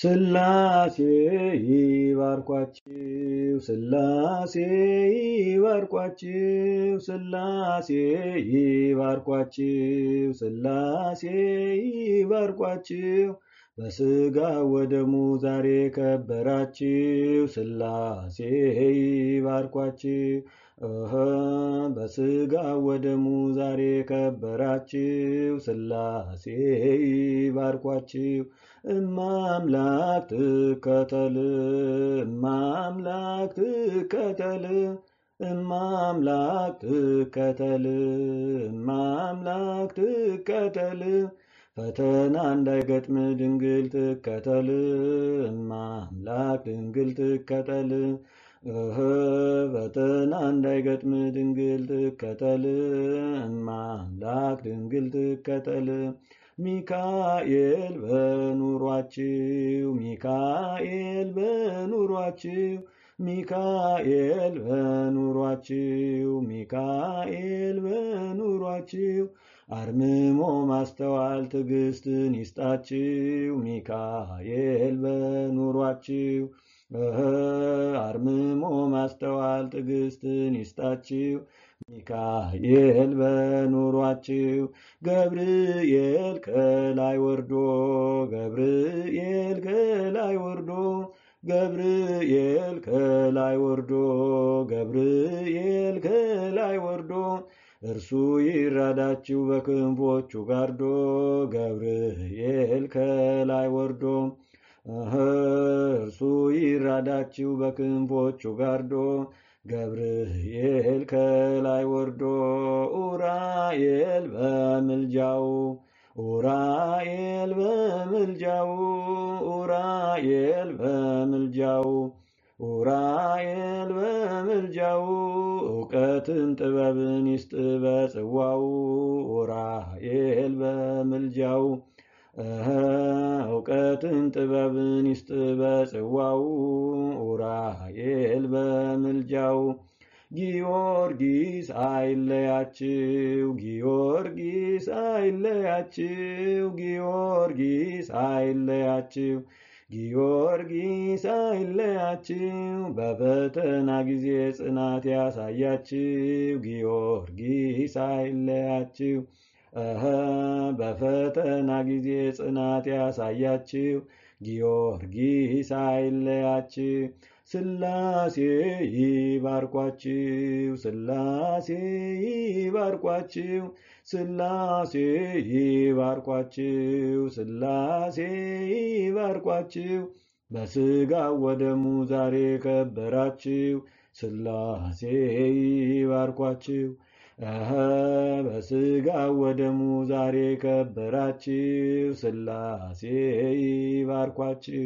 ስላሴ ይባርኳችሁ፣ ስላሴ ይባርኳችሁ፣ ስላሴ ይባርኳችሁ፣ ስላሴ ይባርኳችሁ። በስጋ ወደሙ ዛሬ ከበራችሁ፣ ስላሴ ይባርኳችሁ። በስጋ ወደሙ ዛሬ ከበራችሁ፣ ስላሴ ባርኳችሁ። እማምላክ ትከተል፣ እማምላክ ትከተል፣ እማምላክ ትከተል፣ እማምላክ ትከተል። ፈተና እንዳይገጥም ድንግል ትከተል፣ እማምላክ ድንግል ትከተል። በጥና እንዳይገጥም ድንግል ትከተል ማምላክ ድንግል ትከተል ሚካኤል በኑሯችው ሚካኤል በኑሯችው ሚካኤል በኑሯችው ሚካኤል በኑሯችው አርምሞ ማስተዋል ትዕግስትን ይስጣችው ሚካኤል በኑሯችው አርምሞ ማስተዋል ትዕግስትን ይስጣችሁ። ሚካኤል በኑሯችው ገብርኤል ከላይ ወርዶ፣ ገብርኤል ከላይ ወርዶ፣ ገብርኤል ከላይ ወርዶ፣ ገብርኤል ከላይ ወርዶ እርሱ ይራዳችው በክንፎቹ ጋርዶ፣ ገብርኤል ከላይ ወርዶ እርሱ ይራዳችሁ በክንፎቹ ጋርዶ ገብርኤል ከላይ ወርዶ ኡራኤል በምልጃው ኡራኤል በምልጃው ኡራኤል በምልጃው ኡራኤል በምልጃው እውቀትን ጥበብን ይስጥ በጽዋው ኡራኤል በምልጃው እውቀትን ጥበብን ይስጥ በጽዋው ኡራኤል በምልጃው ጊዮርጊስ አይለያችው ጊዮርጊስ አይለያችው ጊዮርጊስ አይለያችው ጊዮርጊስ አይለያችው በፈተና ጊዜ ጽናት ያሳያችው ጊዮርጊስ አይለያችው በፈተና ጊዜ ጽናት ያሳያችው ጊዮርጊስ አይለያችው። ስላሴ ይባርኳችው፣ ስላሴ ይባርኳችው፣ ስላሴ ይባርኳችው፣ ስላሴ ይባርኳችው። በስጋ ወደሙ ዛሬ ከበራችው፣ ስላሴ ይባርኳችው። በስጋ ወደሙ ዛሬ ከበራችሁ፣ ስላሴ ይባርኳችሁ።